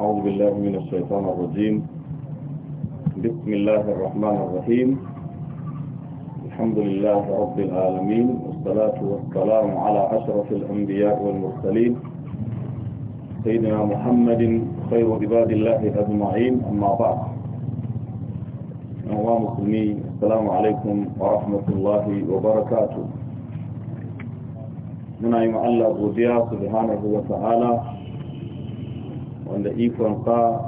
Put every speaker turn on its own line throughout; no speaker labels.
أعوذ بالله من الشيطان الرجيم بسم الله الرحمن الرحيم الحمد لله رب العالمين والصلاة والسلام على أشرف الأنبياء والمرسلين سيدنا محمد خير عباد الله أجمعين أما بعد أهواء مسلمين السلام عليكم ورحمة الله وبركاته من أي ma'alla godiya سبحانه وتعالى wanda ikonsa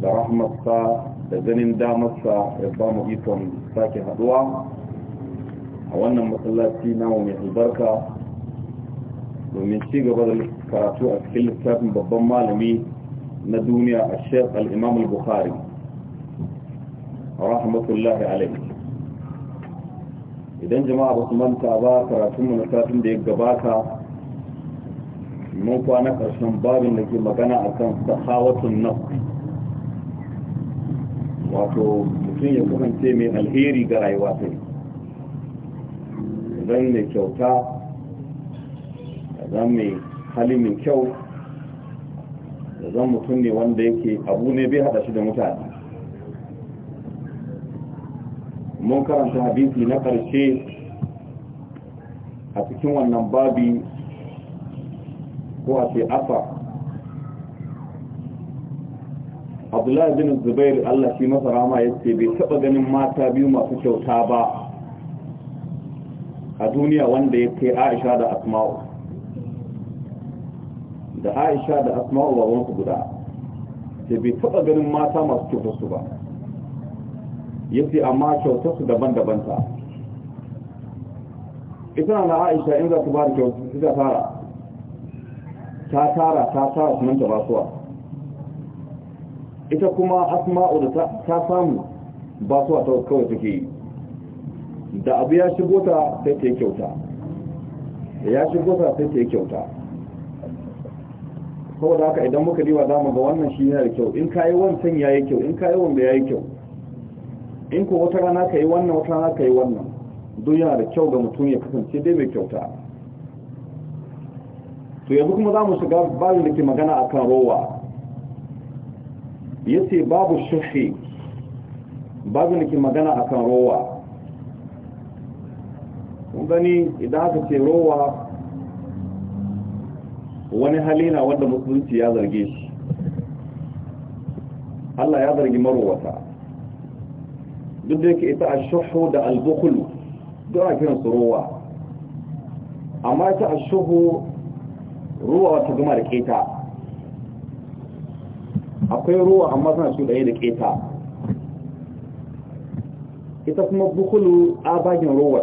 da rahmarsa da ganin damarsa ya ba mu ikon sake haduwa a wannan matsalaci namu mai albarka domin ci gaba da karatu a cikin littafin babban malami na duniya a shek alimamul Buhari. a rahmatullahi alaihi idan jama'a ba su manta ba karatunmu na satin da ya gabata mun kwana karshen babin da ke magana a kan sahawatun nafi wato mutum ya kasance mai alheri ga rayuwa ta zan mai kyauta zan mai hali mai kyau zan mutum ne wanda yake abu ne bai hada shi da mutane mun karanta hadisi na karshe a cikin wannan babi ko a ce afa abdullahi bin zubair allah shi masa rama ya ce bai taba ganin mata biyu masu kyauta ba a duniya wanda ya kai aisha da asma'u da aisha da asma'u ba wansu guda ce bai taba ganin mata masu kyauta su ba ya ce amma kyauta su daban-daban ta ita na aisha in za su ba da kyauta su ta fara ta tara ta tara sunanta ta basuwa ita kuma asma'u da ta samu basuwa ta kawai take yi da abu ya shigo ta sai ta yi kyauta ya shigo ta sai ta yi kyauta saboda haka idan muka diwa za mu ga wannan shi yana da kyau in kayi wancan ya yi kyau in kayi wanda ya yi kyau in ko wata rana ka yi wannan wata rana ka yi wannan duk yana da kyau ga mutum ya kasance dai mai kyauta to yanzu kuma za mu shiga bayan da ke magana a kan rowa ya ce babu shuhi babin da ke magana a kan rowa gani idan aka ce rowa wani halina wanda musulunci ya zarge shi Allah ya zargi marowata duk da yake ita a shuhu da albukulu duk a kiransu rowa amma ita a shuhu ruwa wata gama da keta akwai ruwa amma suna su ɗaya da keta ita kuma bukulu a bagin ruwa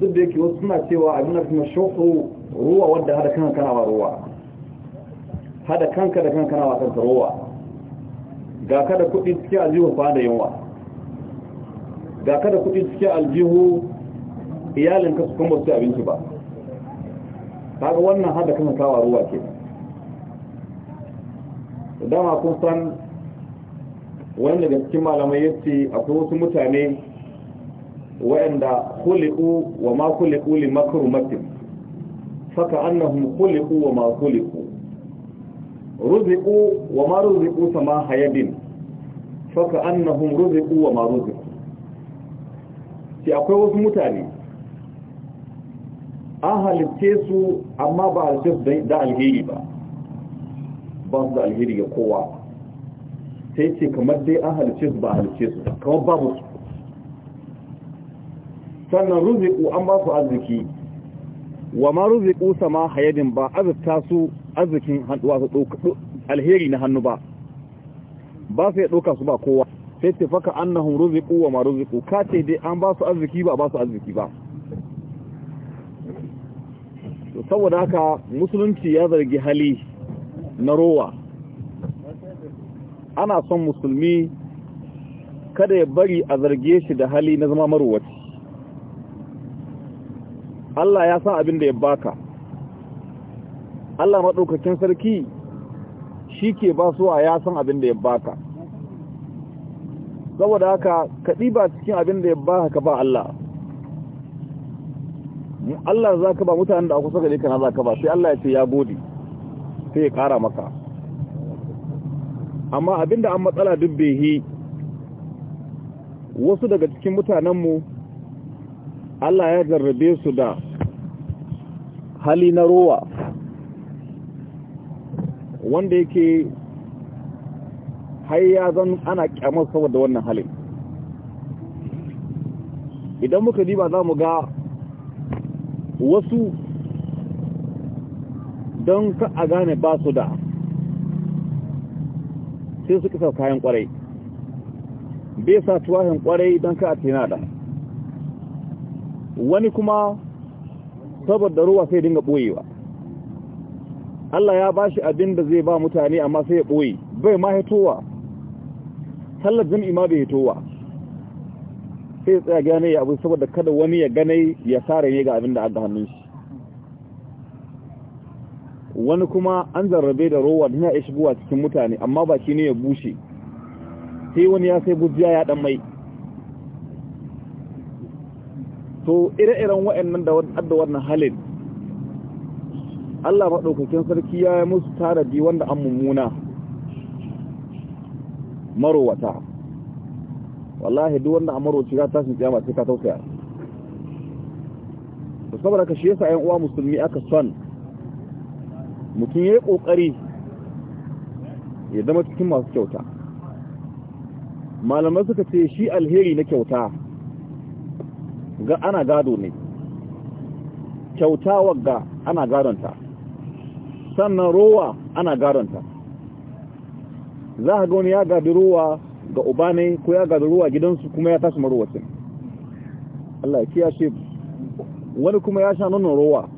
duk da yake wasu suna cewa abin da kuma shoko ruwa wadda hada kan kanawa ruwa hada kanka da kan kanawa kanta ruwa ga kada kudi cikin aljihu fa da yunwa ga kada kudi cikin aljihu iyalinka su kuma su abinci ba kaga wannan hada kan kawa ruwa ke dama kun san wani daga cikin malamai yace akwai wasu mutane waɗanda khuliqu wa ma khuliqu li makrumatin faka annahum khuliqu wa ma khuliqu ruziqu wa ma ruziqu sama hayadin faka annahum ruziqu wa ma ruziqu ki akwai wasu mutane an halitte su amma ba halitte da alheri ba ba su da alheri ga kowa sai ce kamar dai an halitte su ba halitte su kamar babu su sannan ruziku an ba su arziki wa ma ruziku sama hayadin ba azurta su arzikin wasu alheri na hannu ba ba su ya ɗauka su ba kowa sai ce faka annahun ruziku wa ma ruziku ka ce dai an ba su arziki ba ba su arziki ba saboda haka musulunci ya zargi hali na rowa ana son musulmi kada ya bari a zarge shi da hali na zama maruwaci Allah ya san abin da ya baka Allah maɗaukakin sarki shi ke basuwa ya san abin da ya baka saboda haka kaɗi ba cikin abin da ya baka ba Allah Allah za ka ba mutanen da a kusa gare kana za ka ba sai Allah ya ce ya gode sai ya kara maka amma abinda an matsala duk hi wasu daga cikin mutanenmu Allah ya jarrabe su da hali na rowa wanda yake har ya zan ana kyamar saboda wannan halin idan muka diba za mu ga wasu don ka a gane ba su da sai su kisar kayan kwarai bai sa tuwahin kwarai don ka a tina da wani kuma saboda ruwa sai dinga ɓoyewa Allah ya bashi abin da zai ba mutane amma sai ya ɓoye bai ma hitowa tallar jam'i ma bai hitowa sai tsaya gane ya abu saboda kada wani ya gane ya sare ne ga abin da aka hannun shi wani kuma an zarrabe da rowa dina ya shigowa cikin mutane amma ba shi ne ya bushe sai wani ya sai bujiya ya dan mai to ire-iren wa'annan da wadda wannan halin Allah maɗaukakin sarki ya yi musu tarabi wanda an mummuna marowata wallahi duk wanda amaroci ta tashin kiyama sai ka tausaya to saboda ka shi yasa ayan uwa musulmi aka son mutum yayi kokari ya zama cikin masu kyauta malamai suka ce shi alheri na kyauta ga ana gado ne kyauta wagga ana gadonta sannan rowa ana gadonta za a ga wani ya gadi rowa ga uba ne ko ya gada ruwa gidansu kuma ya tashi maruwacin Allah ya shi wani kuma ya sha nono ruwa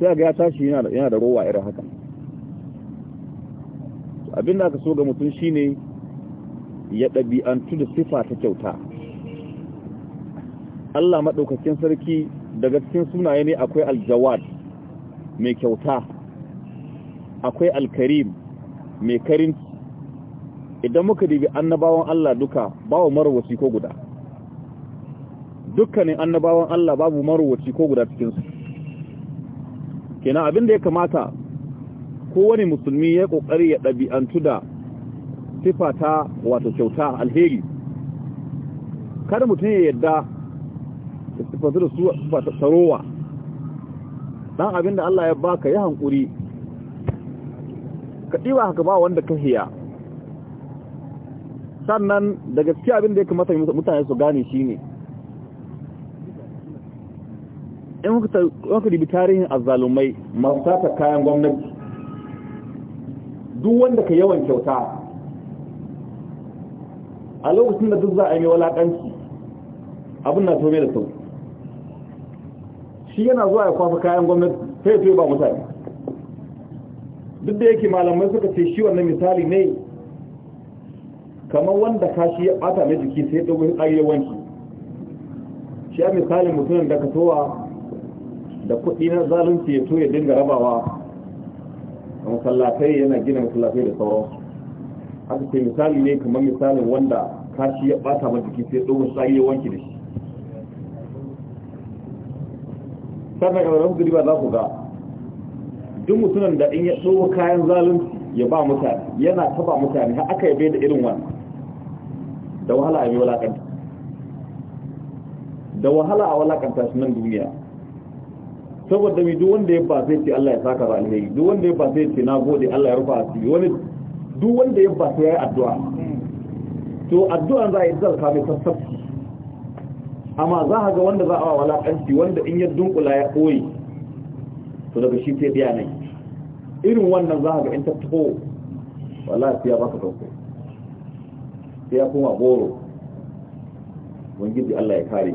sai ga ya tashi yana da ruwa irin haka abin da aka so ga mutum shine ya ɗabi'antu da sifa ta kyauta Allah madaukakin sarki daga cikin sunaye ne akwai aljawad mai kyauta akwai alkarim mai karinci idan muka dibi annabawan Allah duka babu marwaci ko guda dukkanin annabawan Allah babu marwaci ko guda cikinsu kenan abin da ya kamata kowane musulmi ya kokari ya ɗabi'antu da sifata wato kyauta alheri kada mutum ya yadda da sifatu da su tsarowa dan abin da Allah ya baka ya hankuri ka ɗiba haka ba wanda ka hiya sannan da gaskiya abin da ya kamata mutane su gane shi ne in kuka ribi tarihin azalumai masu sata kayan gwamnati duk wanda ka yawan kyauta a lokacin da duk za a yi walaƙanci abin na tome da sau shi yana zuwa ya kwafa kayan gwamnati sai ya ba mutane duk da yake malamai suka ce shi wannan misali ne kamar wanda kashi ya bata mai jiki sai dogon ƙarye wanki shi a misalin mutumin da ka towa da kudi na zalunci ya toye dinga rabawa a masallatai yana gina masallatai da sauran haka ce misali ne kamar misalin wanda kashi ya bata mai jiki sai dogon ƙarye wanki da shi sannan ga rahu guri ba za ku ga duk mutumin da in ya tsohon kayan zalunci ya ba mutane yana taba mutane har aka yabe da irin wannan da wahala a yi walakanta da wahala a walakanta shi nan duniya saboda mai duk wanda ya ba sai ce Allah ya saka ba alheri duk wanda ya ba sai ce na gode Allah ya rufa cikin wani duk wanda ya ba sai ya yi addu'a to addu'a za a yi zarka mai sassafci amma za a ga wanda za a walakanci wanda in ya dunkula ya koyi to daga shi sai biya nai irin wannan za a ga in ta taho wallahi su ya baka kanku sai ya koma goro ubangiji Allah ya kare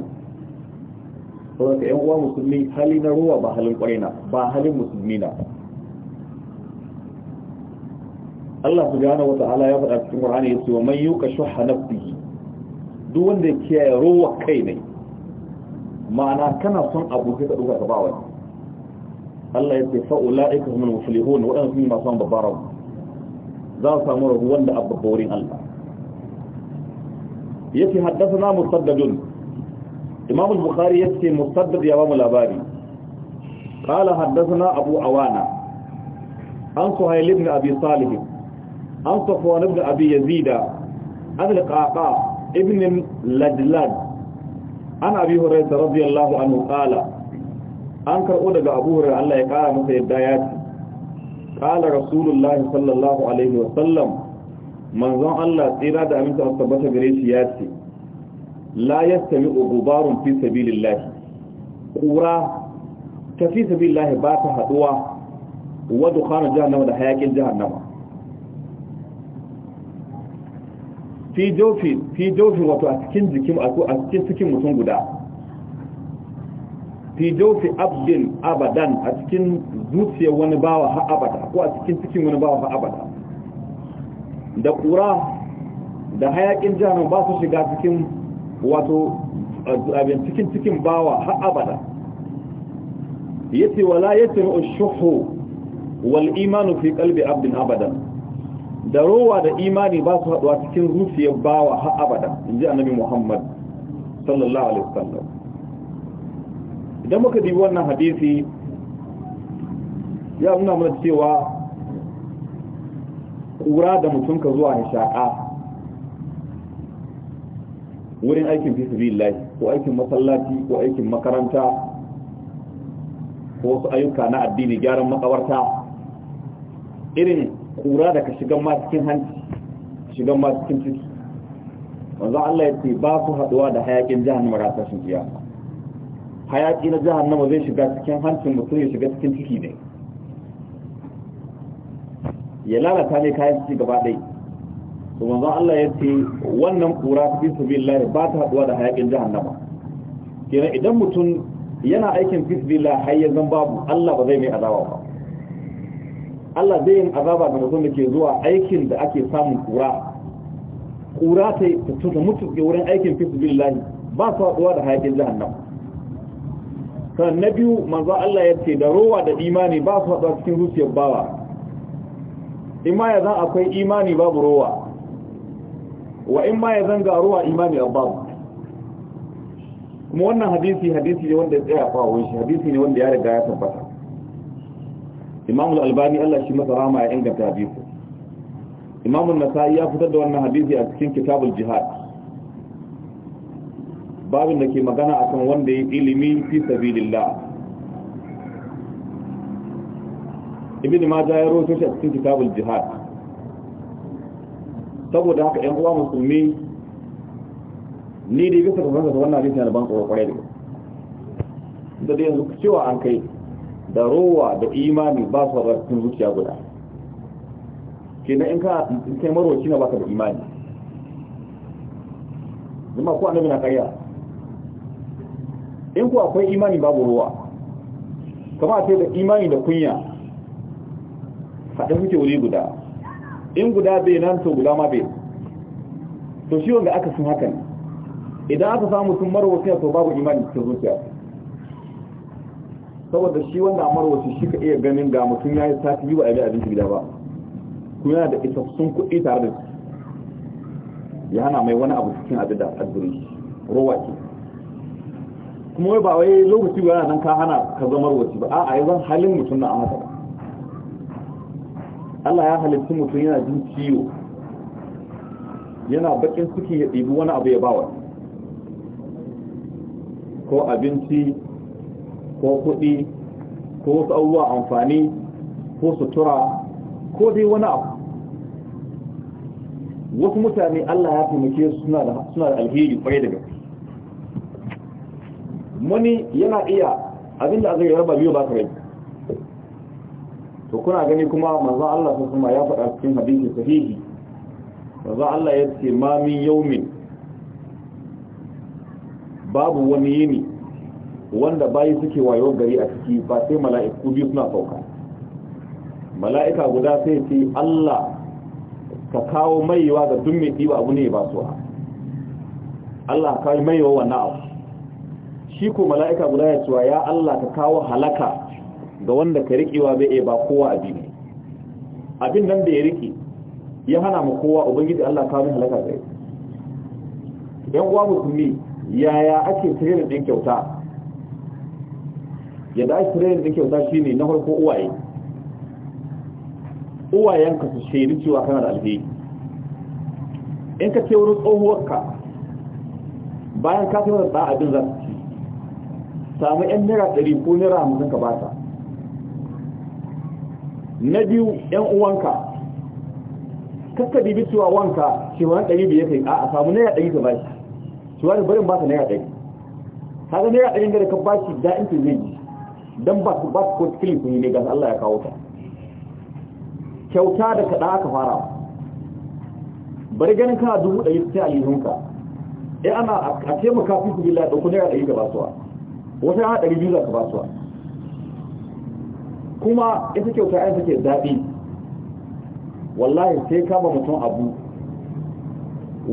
saboda ka yan uwa musulmi hali na ruwa ba halin kwarai ba halin musulmi na Allah subhanahu wata'ala ya faɗa cikin Qur'ani yace wa man yuqa shuhha nafsihi duk wanda ya kiyaye ruwa kai ne ma'ana kana son abu sai ka duka ka ba wani Allah yace fa ulaika humul muflihun wa an fi masu san babbar za su samu ruwan da abba wurin Allah yace haddasa musaddadun imam al-bukhari yake musaddad ya bamu labari qala haddathana abu awana an suhayl ibn abi salih an safwan ibn abi yazid an al-qaqa ibn ladlad an abi hurairah radiyallahu anhu qala an karbo daga abu hurairah Allah ya kara masa yadda ya ce qala rasulullahi sallallahu alaihi wa sallam manzon Allah tsira da aminta a tabbata gare shi ya ce la yastami ugubarun fi sabilillah kura ta fi sabilillah ba ta haduwa wa dukhanu nama da hayakin jahannama nama. fi jofi wato a cikin jikin a cikin cikin mutum guda fi jofi abdin abadan a cikin zuciyar wani bawa ha abada ko a cikin cikin wani bawa ha abada da kura da hayakin jahannam ba su shiga cikin wato abin cikin cikin bawa har abada yace wala yatru ash-shuhu wal imanu fi qalbi abdin abada da rowa da imani ba su haduwa cikin rufiyar bawa har abada inji annabi Muhammad sallallahu alaihi wasallam idan muka dubi wannan hadisi ya nuna mana cewa Kura da mutum ka zuwa ya wurin aikin fisibillahi ko aikin masallaci ko aikin makaranta ko wasu ayyuka na addini gyaran makawarta irin kura da ka shigan ma cikin hanci shigan ma cikin ciki wanzan Allah ya ce ba su haɗuwa da hayaƙin jahannama ratashin jiya. hayaƙi na jahannama zai shiga cikin hancin mutum ya shiga cikin ciki ne ya lalata ne kayan ci gaba ɗai to manzon Allah ya ce wannan kura fi lahi ba ta haɗuwa da hayakin jahannama kenan idan mutum yana aikin fi lahi har ya zan babu Allah ba zai mai azaba ba Allah zai yin azaba ga mutum da ke zuwa aikin da ake samun kura kura ta ta mutu ke wurin aikin fi lahi ba ta haɗuwa da hayakin jahannama sannan na biyu manzo Allah ya ce da rowa da imani ba su haɗuwa cikin zuciyar bawa in ma ya zan akwai imani babu ruwa. wa in ma ya zan ga ruwa imani babu kuma wannan hadisi hadisi ne wanda ya tsaya fawon shi hadisi ne wanda ya riga ya tabbata imam al-albani Allah shi masa rama ya inganta hadisi imam an-nasa'i ya fitar da wannan hadisi a cikin kitabul jihad babin da ke magana akan wanda ya ilimi fi sabilillah ibn majah ya rawaito shi a cikin kitabul jihad saboda haka ɗan uwa musulmi ni dai bisa ga sa wannan hadisi na ban tsoro kwarai da da dai yanzu cewa an kai da rowa da imani ba su ba cikin zuciya guda kenan in ka in kai marwaci na baka da imani zama ko annabi na karya in ku akwai imani babu ruwa kamar a ce da imani da kunya haɗe suke wuri guda in guda bai nan to guda ma bai to shi wanda aka sun hakan idan aka samu sun marwata to babu imani cikin zuciya saboda shi wanda a marwata shi ka iya ganin ga mutum ya yi sati yi wa abin abinci gida ba Ku yana da isassun kuɗi tare da ya hana mai wani abu cikin abin da azuri rowa ke kuma wai ba wai lokaci ba yana nan ka hana ka zama marwaci ba a'a yanzu halin mutum na an haka ba Allah ya halitta mutum yana jin ciwo yana bakin suke ya ɗibi wani abu ya bawa ko abinci ko kuɗi ko wasu abubuwa amfani ko sutura ko dai wani abu wasu mutane Allah ya taimake suna da alheri kwaye daga wani yana iya abinda a zai raba biyu ba su rai to kuna gani kuma manzo Allah sun kuma ya faɗa cikin hadisi sahihi manzo Allah ya ce ma min yawmin babu wani yini wanda bayi suke wayo gari a ciki ba sai mala'iku biyu suna sauka mala'ika guda sai ce Allah ka kawo maiwa ga duk mai ɗiba abu ne ba su Allah ka kawo maiwa wannan abu shi ko mala'ika guda ya cewa ya Allah ka kawo halaka ga wanda ka riƙewa bai iya ba kowa abin abin nan da ya riƙe ya hana mu kowa ubangiji Allah kawo halaka zai yan uwa musulmi yaya ake tirin din kyauta yadda ake tirin din kyauta shine na farko uwaye uwayenka su shaidu cewa kana da alheri in ka ce wurin tsohuwarka bayan ka tsohuwar da abin za su ci samu yan naira ɗari ko naira hamsin ka bata na biyu yan uwanka kakka bibi cewa wanka cewa ɗari biye kai a samu naira ɗari ka bashi cewa da barin baka naira ɗari kaga naira ɗari da ka bashi da'in ta zai yi don ba su ba ko cikin kun yi ne gasa Allah ya kawo ta kyauta da kaɗa aka fara bari ganin kana dubu ɗari sai a lihunka eh ana a taimaka fi su bila ɗauku naira ɗari ka basuwa wata yana ɗari biyu za ka basuwa kuma ita kyauta ai ke daɗi wallahi sai ka ba mutum abu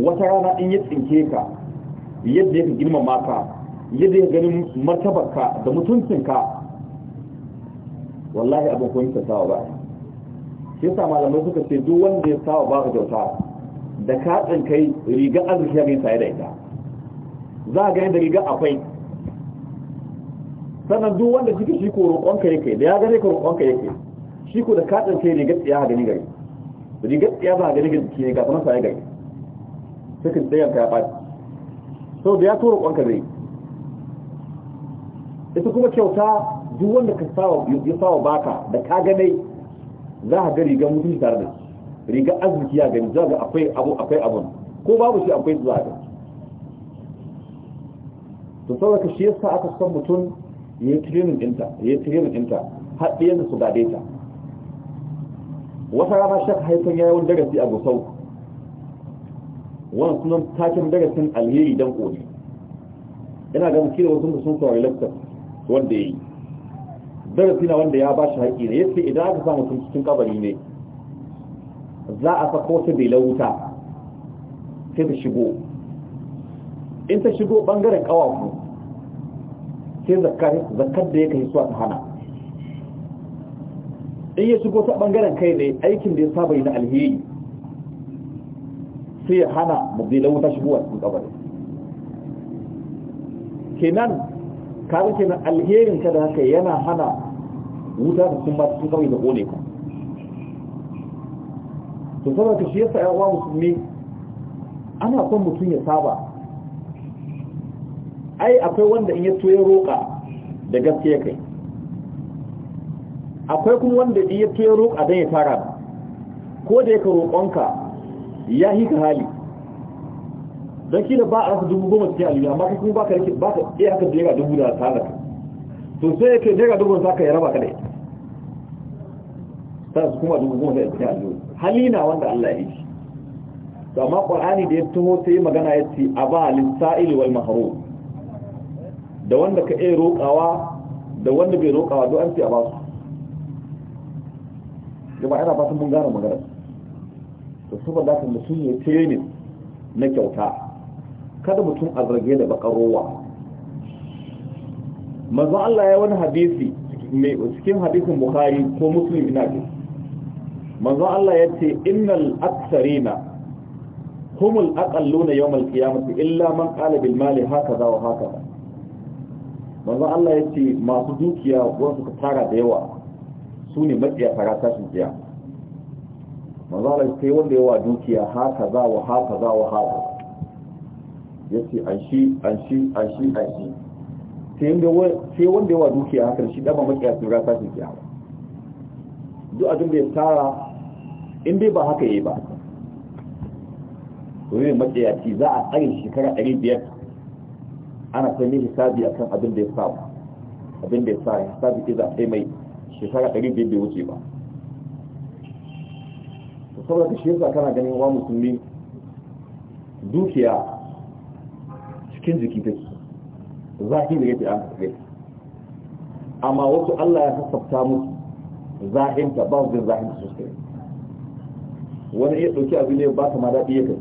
wata rana in ya tsinke ka yadda ya girmama ka yadda ya ganin martabarka da mutuncinka wallahi abin koyin ta sawa ba shi yasa malamai suka ce duk wanda ya sawa ba ka kyauta da ka tsinkai riga arziki ya gani tsaye da ita za a gani da riga akwai sannan duk wanda kike shi ko roƙonka yake da ya gane ka roƙonka yake shi ko da katin kai rigar tsiya ga ni gari rigar tsiya ba ni gari ne ga sanar sa ya gari sai ka tsayar ka ya ɓaci sau da ya to roƙonka zai ita kuma kyauta duk wanda ka sawa ya sawa baka da ka gane za ka ga rigar mutum tare da rigar arziki ya gani za akwai abu akwai abun ko babu shi akwai zuwa ga to saboda shi yasa aka san mutum yi training ɗinta yi training ɗinta har ɗiyansa su gade ta wata rana shak haifan ya yawon darasi a gusau wannan sunan takin darasin alheri dan ƙoli ina ga mutu da wasu da sun saurari lakta wanda ya yi darasi na wanda ya ba shi haƙi ne yace idan aka samu sun cikin kabari ne za a sako ta bai wuta sai ta shigo in ta shigo bangaren ƙawafu sai zakar da ya kai suwa ta hana in ya shigo ta bangaren kai ne aikin da ya saba yi na alheri sai ya hana mazilan wuta shigowa cikin kabari kenan kaga kenan alherin ka da haka yana hana wuta da sun ba cikin kabari da kone ka to saboda ka shi yasa ya uwa musulmi ana son mutum ya saba ai akwai wanda in ya to ya roƙa da gaskiya kai akwai kuma wanda in ya to ya roƙa don ya fara ko da yaka roƙonka ya yi ka hali don kila ba a rasa dubu goma cikin aliyu amma kai kuma baka rike baka iya haka da dubu da talaka to sai yake daga dubu da ka ya raba kadai ta su kuma dubu goma cikin aliyu hali na wanda Allah ya yi shi amma ƙwarani da ya taho sai magana ya ce a ba sa'il wal mahrum da wanda ka iya roƙawa da wanda bai roƙawa don an ce a ba su jama'a yana fatan mun gane magana to saboda haka mutum ya training na kyauta kada mutum a zarge da bakarowa manzo Allah ya wani hadisi cikin hadisin Bukhari ko Musulmi ina ji manzo Allah ya ce innal aktsarina humul aqalluna yawm al-qiyamati illa man ƙalabin mali haka za wa haka ba. manzo Allah ya ce masu dukiya wasu ka tara da yawa su ne matsiya fara tashin jiya manzo Allah ya ce wanda yawa dukiya haka za wa haka za wa haka ya ce an shi an shi an shi an shi sai wanda yawa dukiya haka shi dama matsiya sun ta tashin jiya. duk abin da ya tara in dai ba haka yi ba domin matsiya ci za a tsarin shekara 500 ana sai ne hisabi akan abin da ya samu abin da ya sa hisabi ke za a kai mai shekara 500 bai wuce ba to saboda ka shiyasa kana ganin wa musulmi dukiya cikin jiki ke zahiri fi an kafe amma wasu Allah ya sassafta musu zahinta ba su jin zahinta sosai wani iya ɗauki abin da ba ta ma daɗi ya kai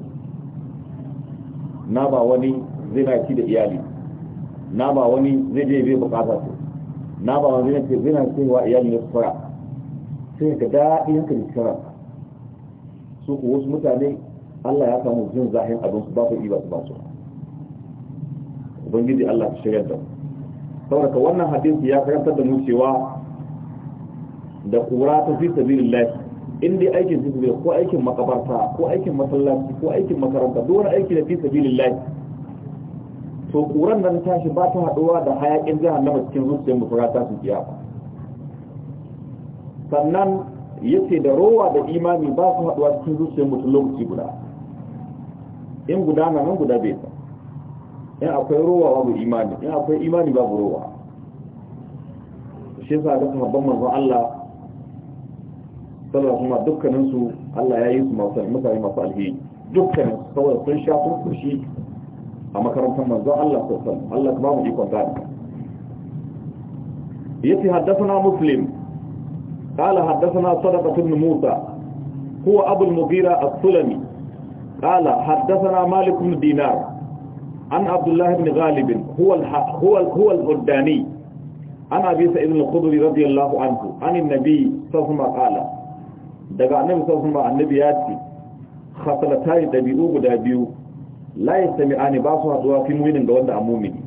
na ba wani zai na ci da iyali na ba wani zai je bai bukata su na ba wani zai ce zina cewa iyali ya fara sai ka daɗi yanka da kira su ku wasu mutane Allah ya samu jin zahin abin su ba ku iba su ba su ubangiji Allah ta shirya da saboda wannan hadisi ya karantar da mu cewa da kura ta fi sabilillah in dai aikin fi ko aikin makabarta ko aikin masallaci ko aikin makaranta duk aiki da fi sabilillah to ƙuran nan tashi ba ta haɗuwa da hayaƙin na cikin zuciyar mutura ta su ba. sannan yace da rowa da imani ba su haɗuwa cikin rufin mutum lokaci guda in guda na nan guda bai in akwai rowa babu imani in akwai imani babu rowa shi sa ga sahabban manzo Allah sallallahu alaihi wasallam dukkanin su Allah ya yi su masu mutane masu alheri dukkanin saboda sun sha sun kushi a makarantar manzo Allah sallallahu Allah ba mu iko gani yace haddathana muslim qala haddathana sadaqah ibn musa huwa abu al-mughira as-sulami qala haddathana malik ibn dinar an abdullah ibn ghalib huwa huwa huwa al-huddani an abi sa'id al-khudri radiyallahu anhu an an-nabi sallallahu qala daga annabi sallallahu alaihi wasallam annabi yati ce dabi'u gudabi'u la yastami'ani ba su haduwa fi mu'minin ga wanda a mu'mini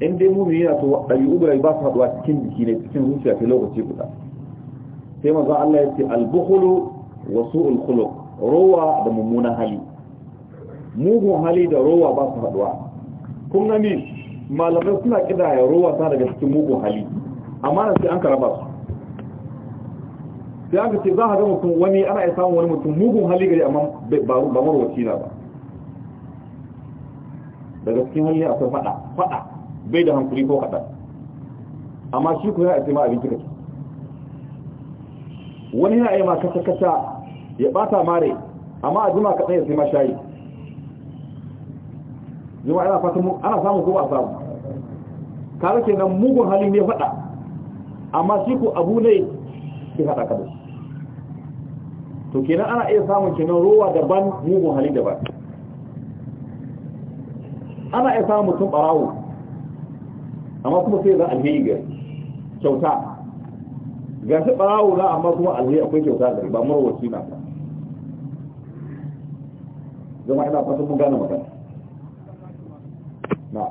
in dai mu'mini yana to ɗabi'u guda ba su haduwa cikin jiki ne cikin zuciya ta lokaci guda sai manzo Allah ya ce al-bukhlu wa su'ul khuluq rowa da mummunan hali mugun hali da rowa ba su haduwa kun gani malamai suna ya rowa ta daga cikin mugun hali amma na sai an karaba su sai aka ce za a ga mutum wani ana iya samun wani mutum mugun hali gari amma ba marwaci na ba daga cikin hali akwai fada fada bai da hankuri ko kaɗan amma shi ku ya a ma abinci kake wani yana yi ma kasa-kasa ya bata mare amma a ma kaɗan ya sai ma shayi jima ana fatan ana samu ko ba samu kare ke nan mugun hali ne faɗa amma shi ku abu ne ke haɗa kaɗa to kenan ana iya samun kenan rowa daban mugun hali daban ana ya samun mutum barawo amma kuma sai za yi ga kyauta ga shi barawo na amma kuma zai akwai kyauta da ba marwaci na ba zama ina fatan mun gane magana na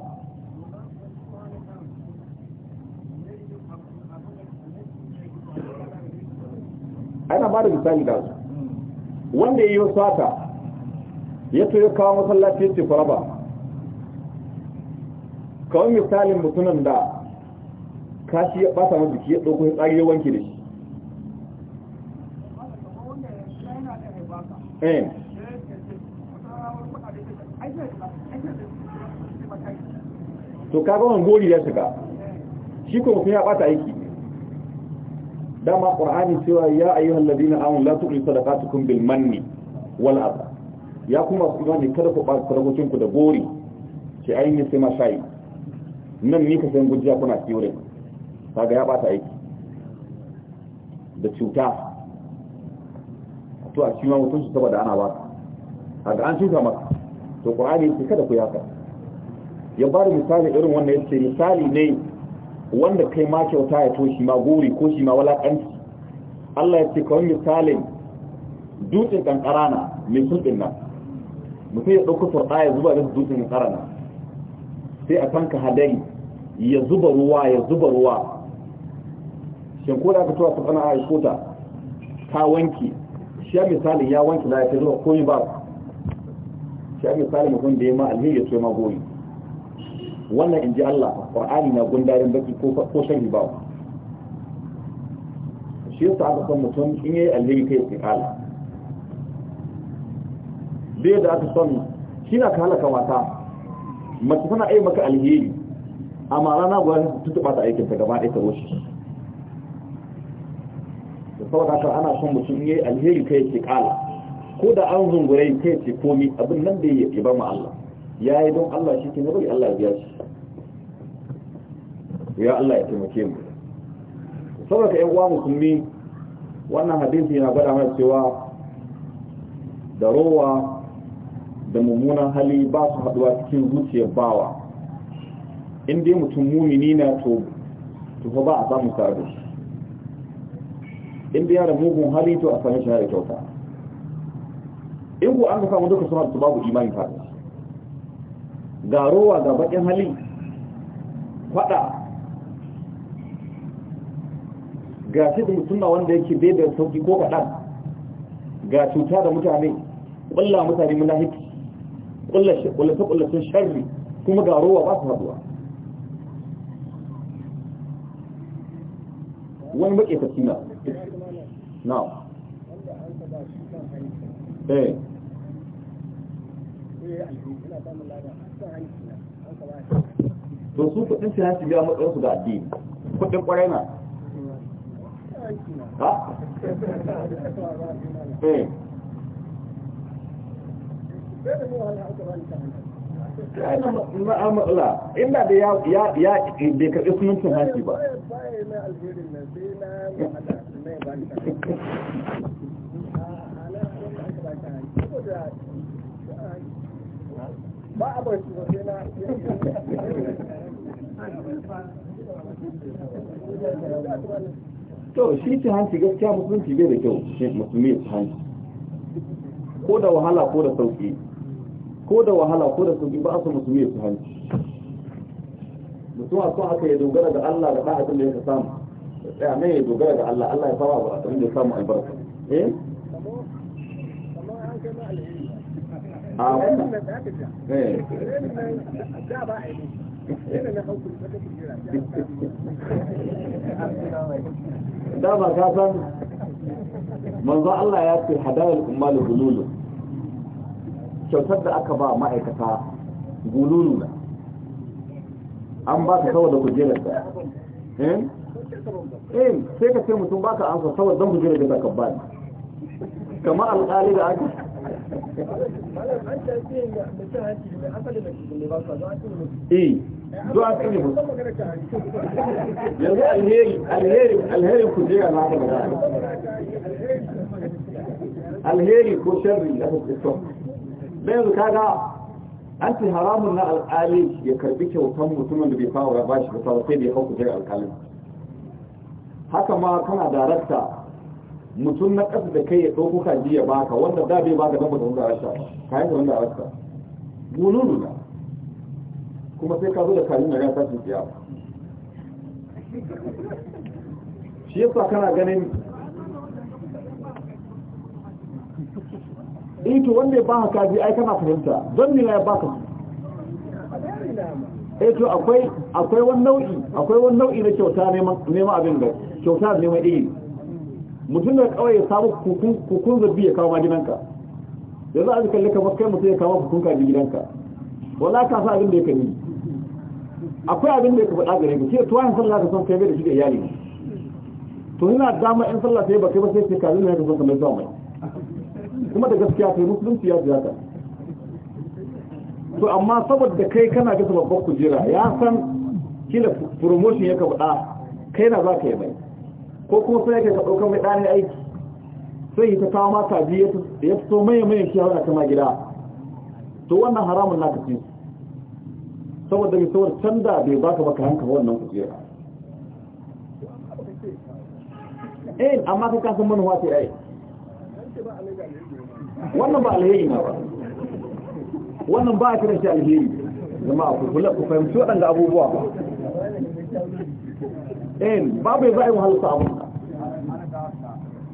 ana ba da misali da su wanda ya yi sata ya to ya kawo masallaci ya ce faraba kawai misalin mutunan da kashi ya ɓata mai jiki ya ɗauko ya tsari ya wanke da shi eh. to kaga gawon gori ya shiga shi ko mutum ya ɓata aiki dama ƙwar'ani cewa ya ayyuhan ladina amun la tuqri sadaqatukum bil manni wal adha ya kuma su gani kada ku ɓata sadaqocinku da gori sai ainihin sai ma sha'i. nan ni ka san gujiya kuna tiyorin kaga ya bata aiki da cuta to a cikin mutum su saboda ana ba kaga an cuta maka to qur'ani yake kada ku yaka ya ba da misali irin wannan yace misali ne wanda kai ma kyauta ya to shi ma gori ko shi ma walakanci Allah ya ce kawai misalin dutsen na mai sulɗin nan mutum ya ɗauka turɗa ya zuba da dutsen na. sai a tanka hadari ya zuba ruwa ya zuba ruwa shi ko da aka tura ta tsana a kota ta wanki shi ya misali ya wanki na ya fi zuwa koyi ba shi ya misali mutum da ya ma alheri ya tuwa ma goyi wannan in ji Allah ƙwa'ani na gundarin baki ko shan riba shi yasa aka san mutum in yi alheri kai ala bai da aka san shi na ka halaka mata mace tana ai maka alheri amma rana guda ta tuba ta aikin ta gaba ɗaya ta roshi da saboda haka ana son mutum yi alheri kai ce kala ko da an zungure kai ce komi abin nan da ya ba mu Allah yayi don Allah shi ke ne Allah ya biya shi ya Allah ya taimake mu saboda ƴan uwa musulmi wannan hadisi yana gwada mana cewa da rowa da mummunan hali ba su haduwa cikin zuciyar bawa in dai mutum mumini na to tufa ba a samu sa'adu. in dai yana mugun hali to a sami shi kyauta in ku an ka samu duka suna su babu imani tare ga rowa ga bakin hali fada ga shi da mutum wanda yake daidai sauki ko kaɗan ga cuta da mutane ƙulla mutane munafiki kullace kullace kullace sharri kuma ga ruwa ba su haduwa wani bake ta cina now eh to su kudin su hanci biya matsayin ga addini kudin kwarai na ha eh
ma'amala
inda da ya karɓi sunancin haki ba to shi cin hanci gaskiya musulunci bai da kyau musulmi cin hanci ko da wahala ko da sauki ko da wahala ko da sauki ba su musulmi su hanci mutum a so haka ya dogara ga Allah da ɗahatun da ya samu da tsaya ne ya dogara ga Allah Allah ya fara ba a da ya samu albarka eh
a wannan eh
ka san manzo Allah ya ce hadayar umma da kyautar da aka ba ma'aikata gululu na an ba ka saboda kujerar da eh? eh sai ka ce mutum ba ka ansa saboda zan kujerar da ka ba kama alƙali da aka eh, zuwa yanzu
alheri na alheri
ko sharri da yanzu kaga an ce haramun na alƙali ya karbi kyautan mutumin da bai fara ya bashi da sai da ya hau kujerar alƙalin haka ma kana darakta mutum na ƙasa da kai ya ɗauko kaji ya baka wanda da bai baka don ba wanda rasha ka da wanda rasha gununu na kuma sai ka zo da kaji na ya sashi siya shi yasa kana ganin eh to wanda ya baka kaji ai kana fahimta don me ya baka eh to akwai akwai wani nau'i akwai wani nau'i na kyauta neman neman abin da kyauta neman iri mutum da kawai ya samu kukun kukun zabi ya kawo gidanka yanzu a kalle kamar kai mutum ya kawo kukun kaji gidanka wala ka sa abin da ya kani akwai abin da ya faɗa gare ka shi tuwa san sallah ka san kai bai da shi da iyali to yana dama in sallah sai ba kai ba sai ka kalli ne ka san kamar zama mai kuma da gaskiya kai musulunci ya ji haka to amma saboda kai kana ga babbar kujera ya san kila promotion ya kaɓa kai na za ka yi mai ko kuma sai ka dauka mai dani aiki sai ta kawo ta biyu ya fito mai mai shi hauna kama gida to wannan haramun na kace saboda mai saboda canza bai baka baka hanka wannan kujera eh amma ka san manuwa ta yi wannan ba alheri na ba wannan ba a kiran shi alheri zama ku kula ku fahimci waɗanda abubuwa ba
eh babu ya zai wahalar
abu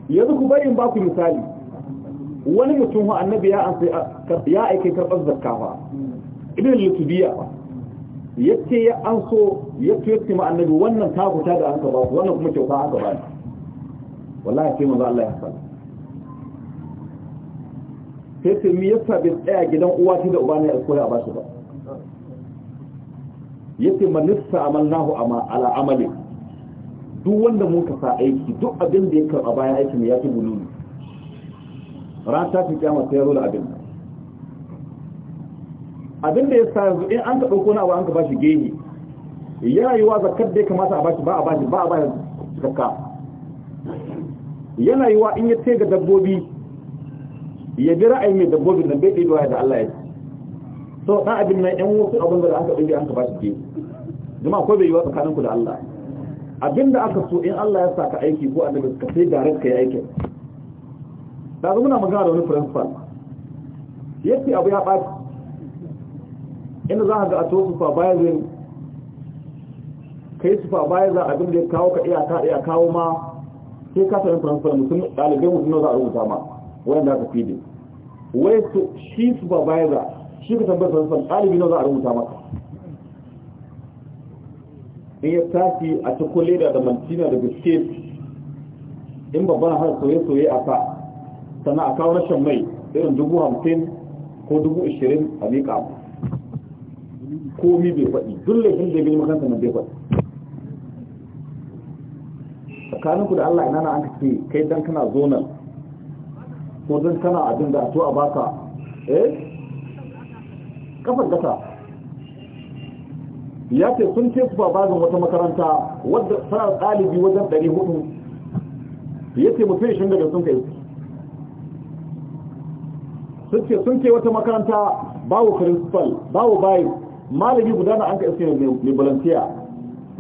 yanzu ku bayin ba ku misali wani mutum wa annabi ya an ya aike karɓar zakka fa idan litubiya fa yace ya an so ya tuyace ma annabi wannan ta kuta da an ka ba wannan kuma kyauta aka ba wallahi sai manzo Allah ya sallama sai sai mi yasa bai tsaya gidan uwa ta da uba ne a koya ba shi ba yace manissa amalnahu ama ala amali duk wanda mun ka sa aiki duk abin da ya karba bayan aikin ya ci bululu ran ta fi kiyama sai rola abin abin da ya sa yanzu in an ka dauko na an ka bashi gehi yana yi wa da ya kamata a bashi ba a bashi ba a shi zakka yana yi wa in ya tega dabbobi ya bi ra'ayin mai dabbobin nan bai ɗi duwa da Allah ya ce so ɗan abin nan yan wasu abin da aka ɗin an ka ba shi ke jama'a ko bai yi wa ku da Allah abin da aka so in Allah ya sa ka aiki ko annabi ka sai da ka yi aikin da zama muna magana da wani principal yace abu ya ɓaci inda za ka ga a to zai kai za abin da ya kawo ka iyaka da ya kawo ma sai ka sami principal mutum ɗalibai mutum za a rubuta ma wanda aka fi din wai su shi supervisor shi ka tambayar san ɗalibi na za a rubuta maka in ya tafi a cikin leda da mantina da biskit in babban har soye-soye a sa sana a kawo rashin mai irin dubu hamsin ko dubu ashirin a miƙa komi bai faɗi duk laifin da gini makanta na bai faɗi tsakaninku da allah ina na an ka kai dan kana zonar to zan kana abin da to a baka eh kafar gata ya ce sun ce su babazin wata makaranta wadda tana ɗalibi wajen 400 ya ce mutum shi daga sun kai sun ce sun ce wata makaranta bawo principal bawo bayi malami guda na an ka iske mai volunteer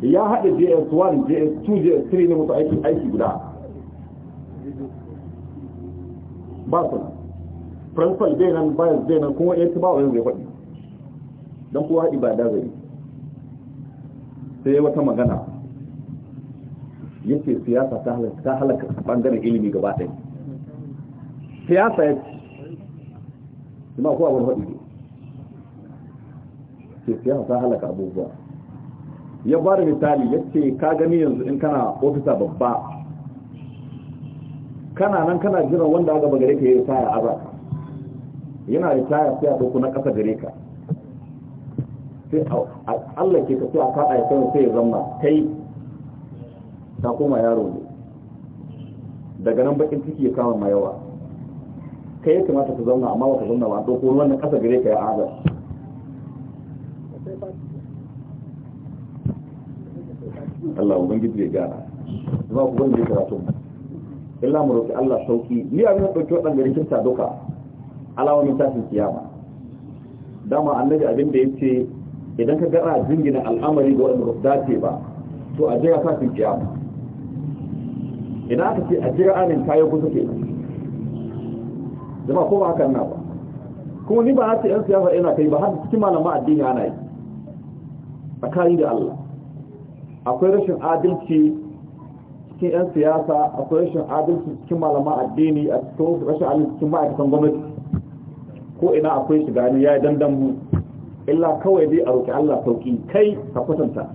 ya haɗe js1 js2 js3 ne mutu aiki guda ba su bai nan bayan bai nan kuma ya ci ba wani zai faɗi don kowa ibada zai sai wata magana yake siyasa ta halaka bangaren ilimi gaba ɗaya siyasa ya ce ma kuwa wani faɗi ne ke siyasa ta halaka abubuwa ya ba da misali ya ce ka gani yanzu in kana ofisa babba kana nan kana jiran wanda aka ba gare ka yi taya a zaka yana da taya sai a doku na ƙasa gare ka sai Allah ke ka sai a kaɗa ya sani sai ya zama kai ta koma yaro ne daga nan bakin ciki ya kama ma yawa kai ya kamata ka zauna amma ba ka zauna ba a ɗauko wannan ƙasa gare ka ya azar Allah ubangiji ya gana zama ku gwamnati karatu mu illa mu roƙi Allah sauki ni abin da ɗauki garin rikinta duka alawomin tashin kiyama dama annabi abin da ya ce idan ka gara jingina al'amari ga waɗanda ba ba to a jira tashin kiyama idan aka ce a jira anin kayan kusa ke zama ko ba hakan na ba kuma ni ba na ce 'yan siyasa ina kai ba har cikin malama addini ana yi a kari da Allah akwai rashin adalci cikin 'yan siyasa a rashin adalci cikin malama addini a cikin rashin adalci cikin ma'aikatan gwamnati ko ina akwai shiga ne ya yi dandamu illa kawai dai a roƙi Allah sauƙi kai ka kwatanta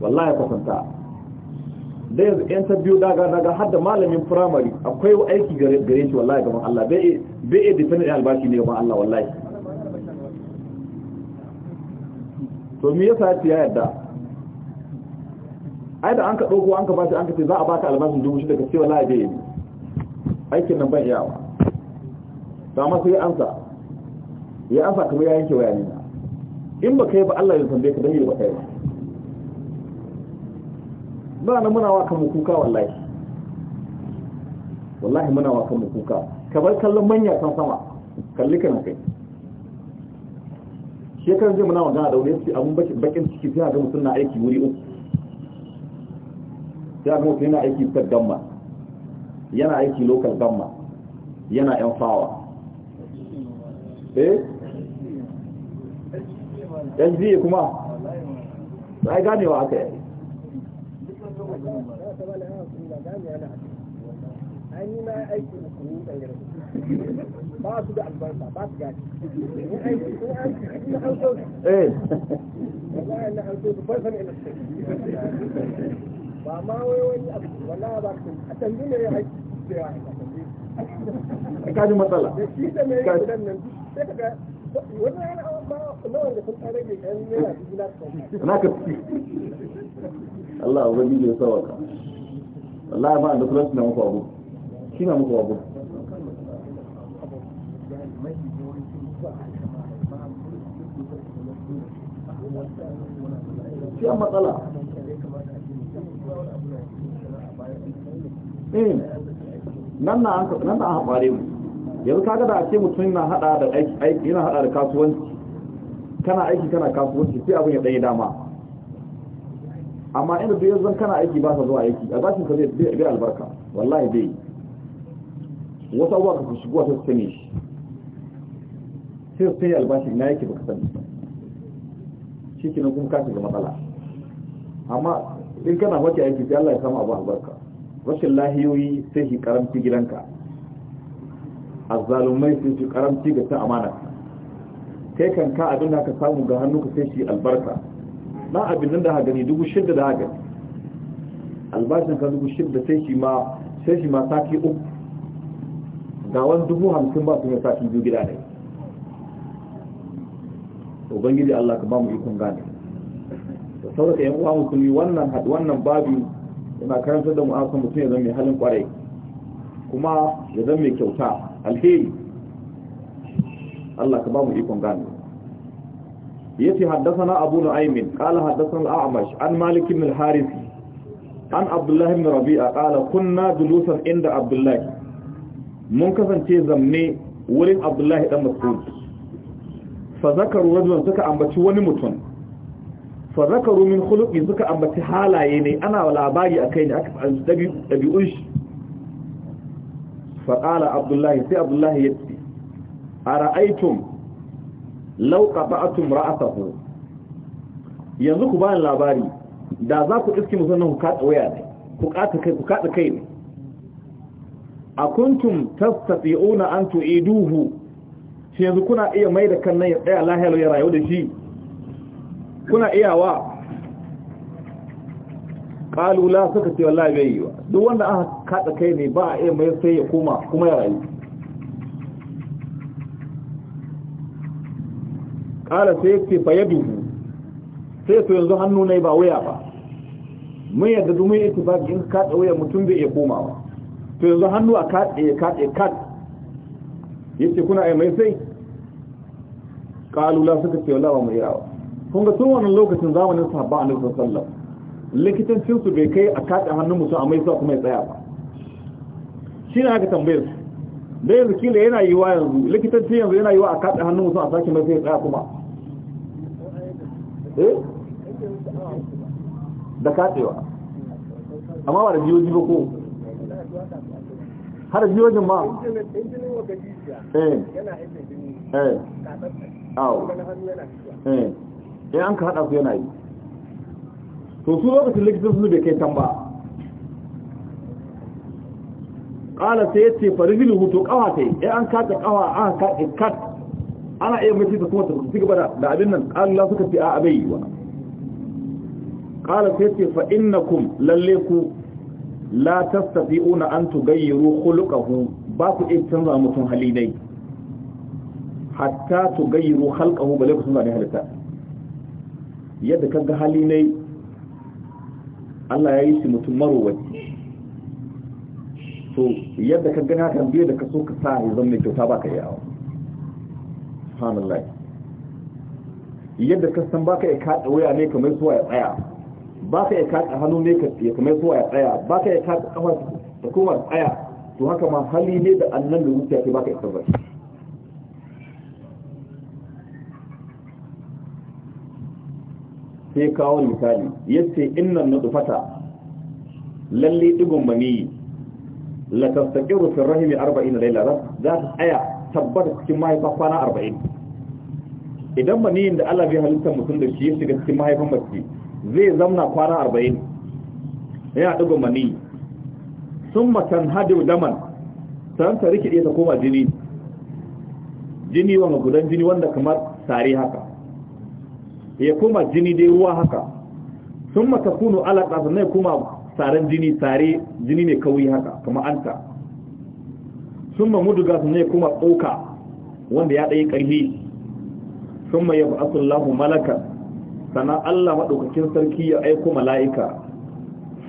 wallahi kwatanta da yanzu 'yan ta biyu daga daga har da malamin firamare akwai aiki gare shi wallahi gaban Allah bai iya difinin albashi ne gaban Allah wallahi to me yasa ya yarda ai da an ka ɗauko an ka ba shi an ka ce za a baka albashin dubu shida ka ce wallahi bai yi aikin nan ban iyawa ta ma sai ansa ya ansa kamar ya yanke wayani na in ba kai ba Allah ya tambaye ka dan ba kai ba ba na muna wa kanmu kuka wallahi wallahi muna wa kanmu kuka ka bar kallon manya san sama kalli kan kai shekaran zai muna magana da wani abun bakin ciki sai ga mutum na aiki wuri uku sai kuma yana aiki ta gamma yana aiki lokal gamma yana yan fawa eh sba kuma sai ganewa aka yi
ba su da albarka ba su gani ba ma wai wani abu wala ba ku a tambi ne ya haiti da ya haiti ka ji matsala da shi da mai yi nan sai ka ga wani yana awon ba sun tsare ne na na ka fi
Allah a wani ya sawa ka Allah da kuma muku abu shi na muku abu
matsala Eh,
nan na an haɓare mu yanzu kaga da a ce mutum na haɗa da aiki yana hada da kasuwanci kana aiki kana kasuwanci sai abin ya ɗaya dama amma inda duk yanzu kana aiki ba ka zuwa aiki albashin ka zai albarka wallahi bai wasu abuwa ka shigo ta su sani shi sai su sani albashin na yake baka sani shi ke kuma kashi ga matsala amma in kana mace aiki sai Allah ya samu abu albarka rashin lahiyoyi sai shi karamci gidanka zalumai sai shi karamci ga ta amana kai kan ka abin da ka samu ga hannu ka sai shi albarka na abin nan da ha gani dubu shidda da ha gani albashin ka dubu shidda sai shi ma sai shi ma sati uku ga wani dubu hamsin ba su ne sati biyu gida ne ubangiji Allah ka ba mu ikon gane da sauraka yan uwa musulmi wannan wannan babu yana karantar da mu an san mutum ya zama mai halin kwarai kuma ya zama mai kyauta alheri Allah ka ba mu ikon gane yace haddathana abu nu'aymin qala haddathana al-a'mash an malik ibn al an Abdullahi ibn rabi'a qala kunna julusan inda Abdullahi. mun kasance zamne wurin Abdullahi ɗan mas'ud fa zakaru rajulan suka ambaci wani mutum fa min khuluqi suka ambaci halaye ne ana labari akai ne aka dabi dabi'un shi fa qala abdullahi sai abdullahi yace ara'aytum law qata'tum ra'atahu yanzu ku bani labari da za ku iske musannan ku kada waya ne ku kada kai ku kada kai ne akuntum tastati'una an tu'iduhu sai yanzu kuna iya mai da kan nan ya tsaya lahiyar ya rayu da shi kuna iyawa kalula suka ce wallahi bai yi ba? duk wanda aka kada kai ne ba a iya mai sai ya koma kuma ya rayu kala sai ce fa yadu sai to yanzu hannu ne ba waya ba mun yadda duk mun ba in kada waya mutum bai iya komawa to yanzu hannu a kada ya kada ya kada yace kuna ai mai sai kalula suka ce wallahi ba mu yawa kun ga tun wannan lokacin zamanin sahabba a nufin sallar likitancin su bai kai a kaɗe hannun mutum a mai sa kuma ya tsaya ba shi ne haka tambayar su da yanzu kila yana yi yiwa yanzu likitancin yanzu yana yiwa a kaɗe hannun mutum a sake mai sa ya tsaya kuma eh da kaɗewa amma ba da jiyoji ba ko har jiyojin ma
eh eh eh
in an ka haɗa su yana yi to su lokacin likita su bai kai tamba kala ƙala sai ya ce farijin hutu ƙawa ta yi in an kaɗa ƙawa an kaɗa kat ana iya mace ta kuma ta su gaba da abin nan la suka fi a abai wa ƙala sai ya ce fa innakum lalle ku la tastafi'una an tugayyiru khuluquhu ba ku iya canza mutum hali dai hatta tugayyiru khalqahu bale ku sun zane halitta yadda ka ga hali ne Allah ya yi shi mutum marowaci to yadda ka gana kan biyu da ka so ka sa ya zama mai kyauta ba ka yi awa lai yadda ka san ba ka yi kaɗa wuya ne kamar suwa ya tsaya ba ka yi kaɗa hannu ne kamar suwa ya tsaya ba ka yi kaɗa ƙafa da kuma tsaya to haka ma hali ne da annan da ya ke ba ka yi sabbaci sai kawo misali yace innan nutfata lalle digon maniyi la tastaqiru fi rahimi 40 layla za ta tsaya tabbata cikin mahaifa kwana 40 idan maniyin da Allah bai halitta mutum da shi ya shiga cikin mahaifan mace zai zamna kwana 40 yana digon maniyi summa tanhadu daman san ta rike ta koma jini jini wanda gudan jini wanda kamar sare haka ya koma jini dai ruwa haka sun mata kunu alaƙa sannan ya koma tsaron jini tsare jini mai kauri haka kuma ta sun ma muduga sannan ya koma tsoka wanda ya ɗaya ƙarfi sun ma fi asullahu malaka sannan allah maɗaukakin sarki ya aiko mala'ika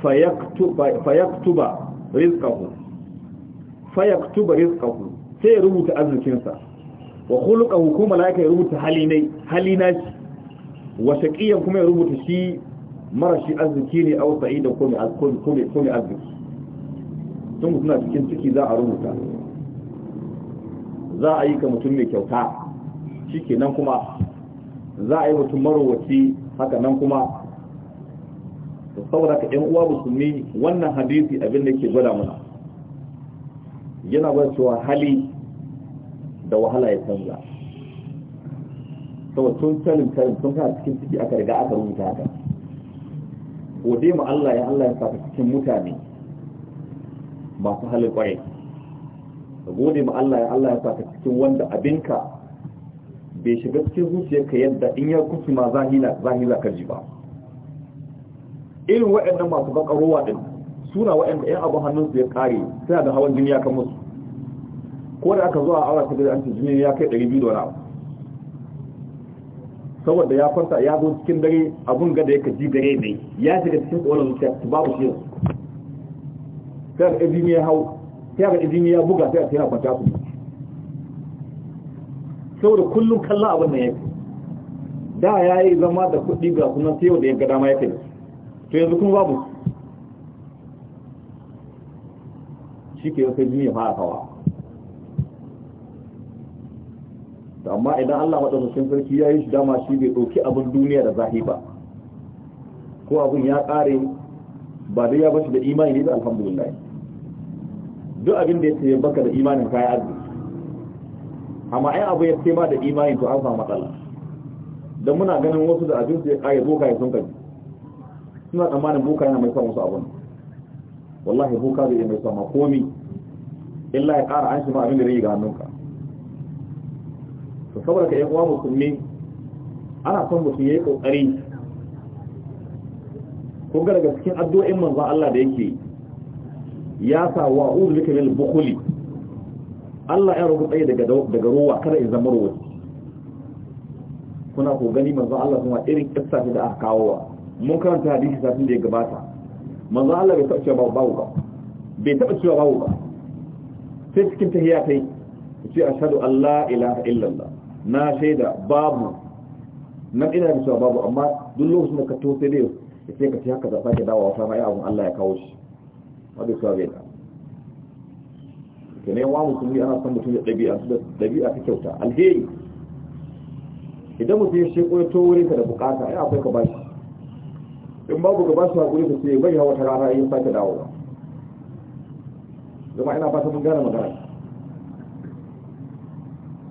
fayaktuba rizqahu fayaktuba sai ya rubuta arzikinsa wa khuluquhu kuma mala'ika ya rubuta halina shi wa kuma ya rubuta shi marashi arziki ne a sa'ida ko mai arziki ko mai arziki tun cikin ciki za a rubuta za a yi ka mutum mai kyauta shikenan kuma za a yi mutum marowaci haka nan kuma da saboda ka ɗan uwa musulmi wannan hadisi abin da ke gwada mana yana gwada cewa hali da wahala ya canza kawai tun sanin karin tun kana cikin ciki aka riga aka rubuta haka dai ma Allah ya Allah ya saka cikin mutane masu halin kwarai ko gode ma Allah ya Allah ya saka cikin wanda abinka bai shiga cikin zuciyarka yadda in ya kusi ma zahila zahila ka ji ba irin waɗannan masu bakarowa din suna waɗanda ɗan abu hannunsu ya kare sai da hawan jini ya kan musu ko da aka zo a aura ta da an jini ya kai 200 da wani abu saboda ya kwanta ya zo cikin dare abun ga da ya ji dare ne ya shiga cikin tsoron zuciya babu shi sai ga izini ya hau sai ga izini ya buga sai ga kwanta ku saboda kullum kallon abin nan yake da ya yi zama da kuɗi ga sunan sai da ya ga dama yake to yanzu kuma babu shi ke yau sai jini ya fara kawa to amma idan Allah madaukakin sarki ya yi shi dama shi bai ɗauki abin duniya da zahi ba ko abin ya ƙare ba dai ya bashi da imani ne da alhamdulillah duk abin da ya ce baka da imanin kayan arziki amma ai abu ya ce ba da imani to an samu matsala don muna ganin wasu da abin su ya ƙare boka ya sun kaji suna tsammanin boka yana mai son wasu abin wallahi boka zai mai son ma komi illa ya ƙara an shi ma abin da rage ga hannunka to saboda ka kuwa musulmi ana son mutum yayi kokari ko ga daga cikin addu'o'in manzon Allah da yake ya sa wa uzu bika min bukhuli Allah ya rubuta daga daga ruwa kada in zama ruwa kuna ko gani manzon Allah kuma irin kissa da aka kawo mun karanta hadisi satin da ya gabata manzon Allah bai taɓa cewa babu ba bai taɓa cewa babu ba sai cikin tahiyya kai ce ashhadu an la ilaha illallah na shaida babu na ina da cewa babu amma duk lokacin da ka to sai dai ya ce ka ce haka zafa ke dawowa wata ya abun Allah ya kawo shi wadda cewa bai da ke ne wa musulmi ana son mutum da ɗabi'a su da ɗabi'a ta kyauta alheri idan mutum ya shi ya to wuri ka da bukata ya akwai ka shi in babu ka shi hakuri ka ce bai hawa ta rana yin sake dawowa zama ina ta mun gane magana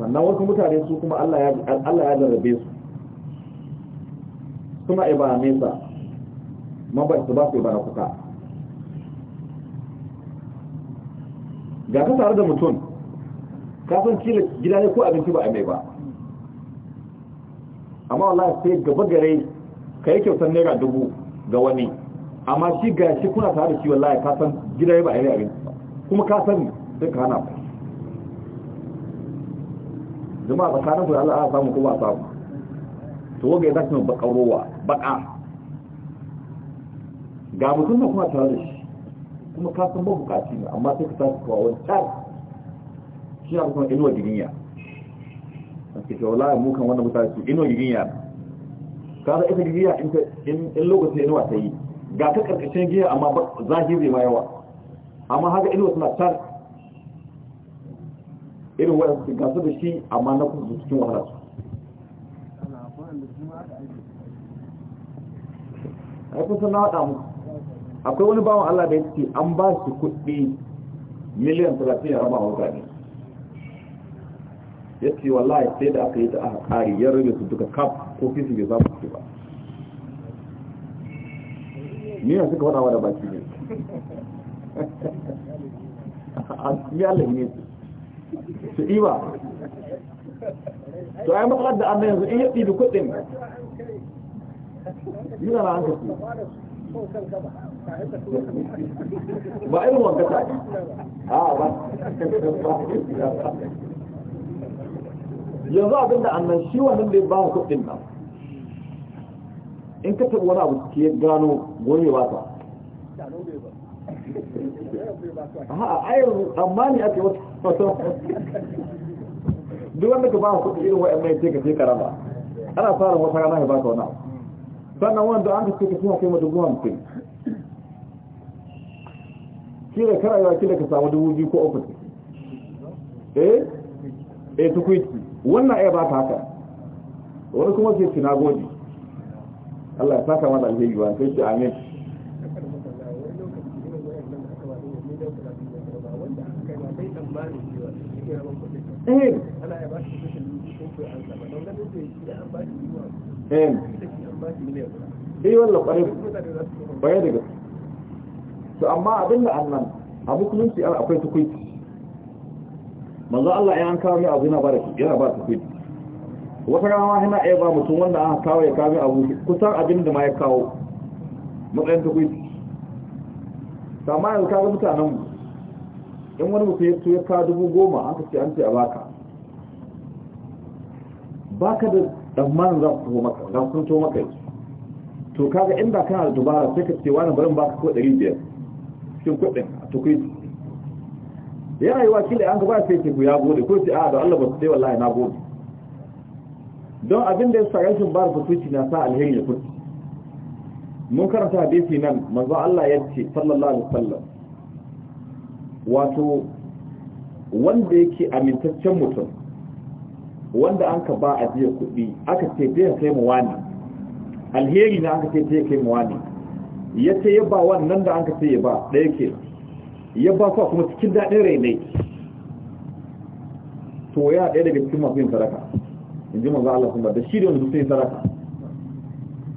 sannan wasu mutane su kuma Allah ya jarrabe su suna ibara nesa man ba su ba su kuka ga ka tare da mutum kafin kila gida ne ko abinci ba a mai ba amma wallahi sai gaba gare ka yi kyautar naira dubu ga wani amma shi ga shi kuna tare da shi wallahi ka san gida ba a yi abinci ba kuma ka sani sai ka hana ba a tsakanin ku da Allah ana samu kuma ba samu to waga ya zaka baka rowa baka ga mutum na kuma tare da shi kuma ka san ba bukaci ne amma sai ka tafi kawo wani tsari shi ya kuma inuwa girinya a cikin wala mu kan wannan mutane su inuwa girinya ka da ita girinya in lokacin inuwa ta yi ga ta karkashin giya amma zahiri ma yawa amma haka inuwa suna tsari irin waɗanda su gasu da shi amma na kusa cikin wahala su ai kusa na waɗa mu akwai wani bawon Allah da ya ce an ba shi kuɗi miliyan 30 ya raba a wa mutane yace wallahi sai da aka yi ta aka kare ya rage su duka kaf ko fisi bai za su ba ni yanzu ka wadawa da baki ne a yalin ne su su ɗiba
to ai matsalar da annan yanzu in ya ɗibi kuɗin yana na hankali ba irin wanka ta yi
a ba yanzu abin da annan shi wannan da ya ba kuɗin nan in ka taɓa wani abu ke gano gobe ba ta a yanzu tsammani ake wata duk wanda ka ba kuɗi irin wa'yan mai ce ka ce karama ana fara wata rana ya baka wani abu sannan wanda an ka ce ka ce kai ma dubu hamsin kila kana yawa kila ka samu dubu biyu ko uku eh eh tukuiti wannan ai ba ta haka wani kuma sai ci na gode Allah ya saka mana alheri wa sai ci amin eh
ana ya ba shi kuɗin ko
an to amma abinda da annan a musulunci an akwai tukuiti manzo Allah ya an kawo mai abu na ba da yana ba tukuiti wata rama yana ya ba mutum wanda an kawo ya kawo abu kusan abinda ma ya kawo matsayin tukuiti amma yanzu kaga mutanen in wani mutum ya to ka dubu goma an ka ce an ce a baka baka da tsammanin za ku maka za ku to maka to kaga inda kana da dubara sai ka ce wani barin baka ko 500 cikin kuɗin a tukwai ya rayuwa wakilai an gaba sai ke ku ya gode ko ce a da Allah ba su sai wallahi na gode don abin da ya sa rashin bar fusuci na sa alheri ya fusuci mun karanta hadisi nan manzo Allah ya ce sallallahu alaihi wasallam wato wanda yake amintaccen mutum wanda an ka ba a jiya kuɗi aka ce zai ya kai mu wani alheri na aka ce zai ya kai mu wani ya ce ya ba wannan da an ka ce ya ba ɗaya ke ya ba kuwa kuma cikin daɗin rai ne to ya ɗaya daga cikin masu yin sadaka in ji maza Allah kuma da shi da wanda sun yi sadaka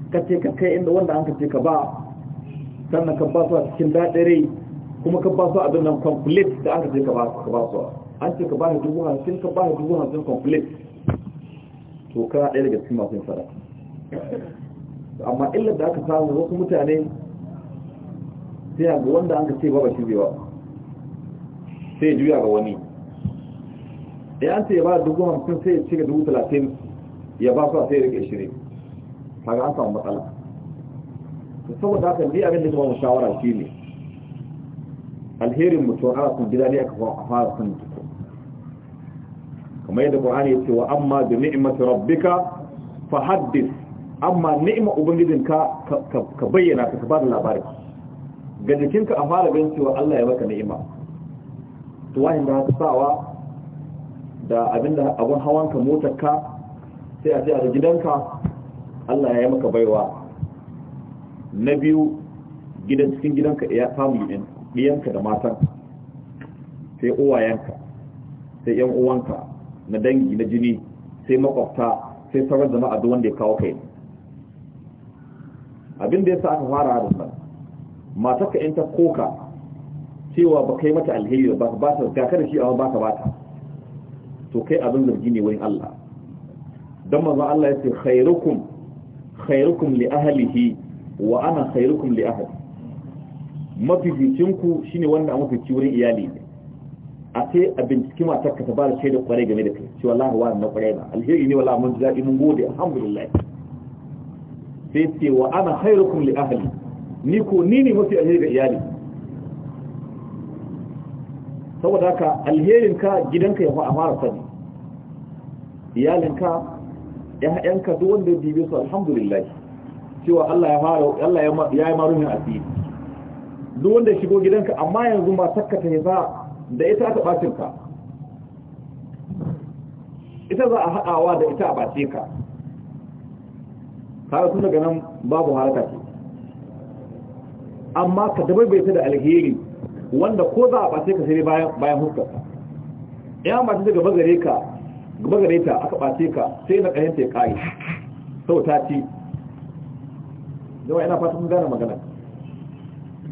ka ce ka kai inda wanda an ka ce ka ba sannan ka ba su cikin daɗin rai kuma ka ba su abin nan complete da aka ce ka ba su an ce ka ba shi dubu hamsin ka ba shi dubu hamsin complete to kana ɗaya daga cikin masu sadaka amma illar da aka samu wasu mutane sai ga wanda an ka ce ba shi ba sai ya juya ga wani ya an ce ya ba dubu hamsin sai ya ce ga dubu talatin ya ba su a sai ya rike shirin kaga an samu matsala saboda haka ni abin da kuma shawara shi ne alherin mutum a sun gida ne aka fara sun tuku kamar yadda ƙwa'ani ya ce wa amma da ni'imatu rabbika fa haddis amma ni'ima ubangijinka ka bayyana ka ba da labari ga jikinka a fara gan cewa Allah ya maka ni'ima tuwahin da haka sawa da abinda abun hawanka motarka sai a ce a gidanka Allah ya yi maka baiwa na biyu gidan cikin gidanka ya samu yin ɗiyanka da matan sai uwayenka sai yan uwanka na dangi na jini sai makwabta sai sauran jama'a duk wanda ya kawo kai abin da yasa aka fara da nan matarka in ta koka cewa ba kai mata alheri ba ba ta ga kada shi amma ba ta ta to kai abin zargi ne wurin Allah dan manzo Allah yace khairukum khairukum li ahlihi wa ana khairukum li ahli mafificin ku shine wanda a mafici wurin iyali ne a sai a binciki matar ka ta ba da shaida kwarai game da kai shi wallahi wa na kwarai ba alheri ne wallahi mun ji daɗi mun gode alhamdulillah sai ce wa ana khairukum li ahli ni ko ni ne mafi alheri ga iyali saboda haka alherin ka gidanka ya fa fara sani iyalinka ƴaƴanka duk wanda ya bibe su alhamdulillah cewa Allah ya fara Allah ya yi marumin asiri duk wanda ya shigo gidanka amma yanzu ba takkata ne za da ita ta bacin ka ita za a haɗawa da ita a bace ka kawai tun daga nan babu haraka ce amma ka dabai bai ta da alheri wanda ko za a bace ka sai bayan huskar ya mace daga bagare ka bagare ta aka bace ka sai na ta ya ƙari sau ta ci zama yana fata sun gane magana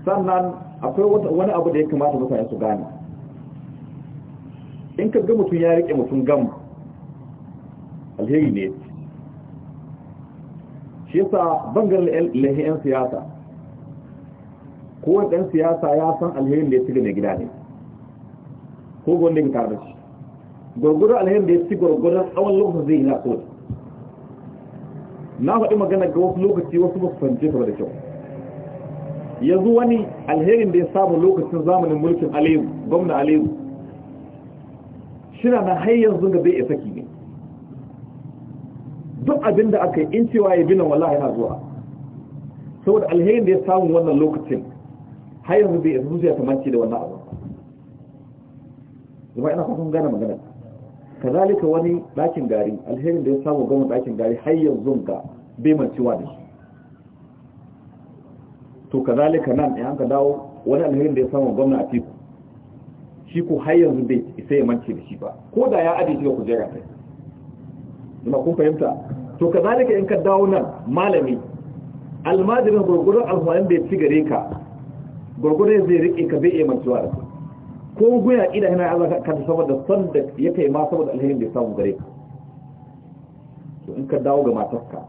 sannan akwai wani abu da ya kamata mutane su gane in ka ga mutum ya riƙe mutum gam alheri ne shi yasa bangar lahiyan siyasa kowane ɗan siyasa ya san alherin da ya ci mai gida ne ko gwanda ya tare da shi gwargwadon alherin da ya ci gwargwadon tsawon lokacin zai yi na so na faɗi magana ga wasu lokaci wasu ba su fahimce ta da kyau yanzu wani alherin da ya samu lokacin zamanin mulkin aliyu gwamna aliyu shina na har zunga da bai isa ne duk abin da aka yi in cewa ya binan wallahi yana zuwa saboda alherin da ya samu wannan lokacin har yanzu bai isa zuciya ta manci da wannan abu zama ina kwakwan gane magana zalika wani ɗakin gari alherin da ya samu gwamna ɗakin gari har zunga ga bai mancewa da shi to kazalika nan in ka dawo wani alherin da ya samu gwamna a tiku shi ko har yanzu bai isa ya mance da shi ba ko da ya aje shi ga kujera kai kun fahimta to kazalika in ka dawo nan malami almajirin gurgurun alfanin da ya ci gare ka gurgurun zai rike ka bai iya mantuwa da su ko guya ida yana Allah ka ta saboda son da ya kai ma saboda alherin da ya samu gare ka to in ka dawo ga matarka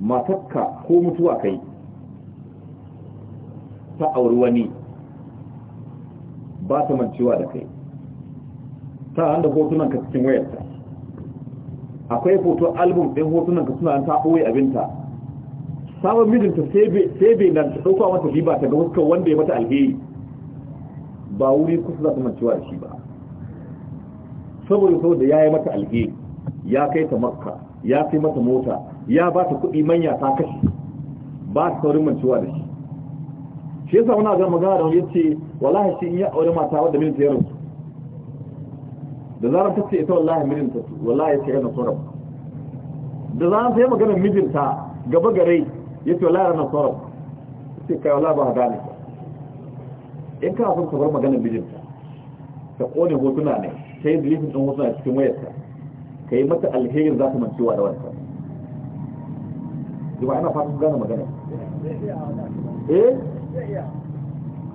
matarka ko mutuwa kai ta auri wani ba ta mancewa da kai ta handa hotunan ka cikin wayarta akwai hoto album ɗin hotunan ka suna ta ɓoye abinta sabon mijinta sai bai nan ta ɗauka mata riba ta ga huskar wanda ya mata alheri ba wuri kusa za ta mancewa da shi ba saboda saboda ya yi mata alheri ya kai ta makka ya kai mata mota ya ba ta kuɗi manya ta kashe ba ta saurin mancewa da shi shi yasa wani ga magana da wani yace wallahi shi in ya aure mata wadda mijinta ya rasu da zarar ta ce ita wallahi ta wallahi sai yana sorab da zarar ta yi magana mijinta gaba gare yace wallahi yana sorab sai kai wallahi ba gane in ka san ka bar magana mijinta ka kone hotuna ne ta yi zilifin ɗin hotuna cikin wayarta ka yi mata alherin za ta mantuwa da wanta zuba ana fatan gane magana eh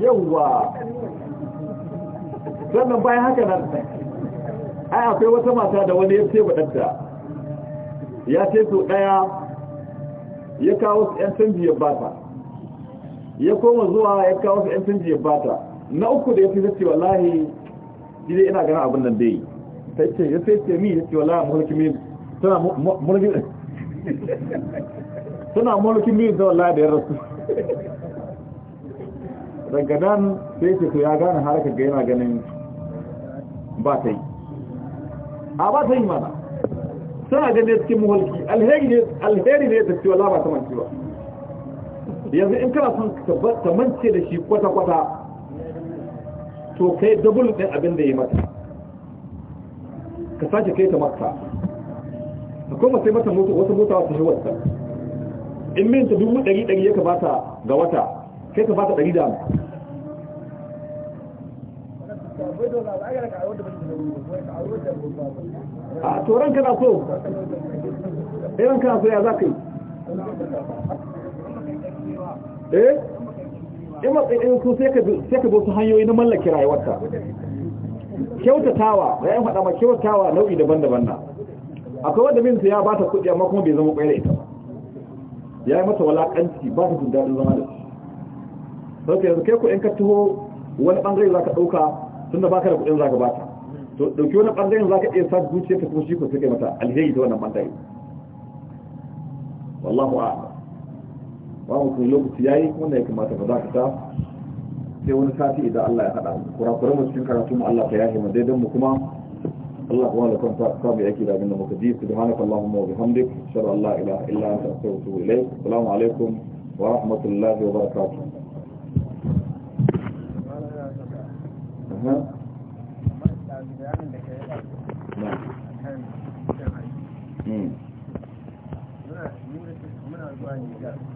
yawwa sannan bayan haka nan ai akwai wata mata da wani ya ce waɗanta ya ce su ɗaya ya kawo su 'yan canji ya bata ya koma zuwa ya kawo su 'yan canji ya bata na uku da ya fi zace wallahi jide ina gana abin nan dai ta ce ya sai ce mi ya ce wallahi mulki min tana mulki tana mulki min da wallahi da ya rasu daga nan sai ce to ya gane harkar ga yana ganin ba ta yi a ba ta yi mana suna ganin cikin muhalki alheri ne ta cewa laba ta manci ba yanzu in kana son ta mance da shi kwata-kwata to kai dabulu ɗin abin da ya mata ka sace kai ta mata a koma sai mata wata mota wata shi wata in ta dubu ɗari ɗari ya ka bata ga wata kai ka bata ɗari da a to ka na so eh ranka na so ya za ka yi eh in matsayin su sai ka bi hanyoyi na mallake rayuwarta. kyautatawa da ya faɗa ma kyautatawa nau'i daban-daban na akwai wanda minsu ya ba ta kuɗi amma kuma bai zama ƙwaira ita ba ya yi mata walaƙanci ba ta jin daɗin zama da su sau yanzu kai ku in ka wani ɓangare za ka ɗauka tunda baka da kuɗin zaka bata to dauki wani bangaren zaka iya sa zuciya ta kuma shi ko sai mata alheri da wannan bangare wallahu a'lam ba mu kuma lokaci yayi kuma ya kamata ba za ka ta sai wani sati idan Allah ya hada mu kurakuran mu cikin karatu mu Allah ta yahi mu daidan mu kuma Allah kuma la kan ta bi yake da abinda muka ji subhanakallahumma wa bihamdik shar Allah ilaha illa anta astaghfiruka wa atubu ilaik assalamu alaikum wa rahmatullahi wa barakatuh Hmm.
muna zuwa ne